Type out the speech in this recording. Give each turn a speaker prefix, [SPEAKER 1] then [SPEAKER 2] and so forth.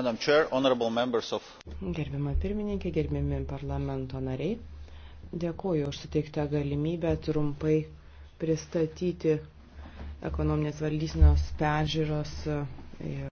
[SPEAKER 1] Of...
[SPEAKER 2] Gerbiama pirmininkė, gerbiami parlamento nariai, dėkuoju už suteiktą galimybę trumpai pristatyti ekonominės valdysinos peržiūros ir e,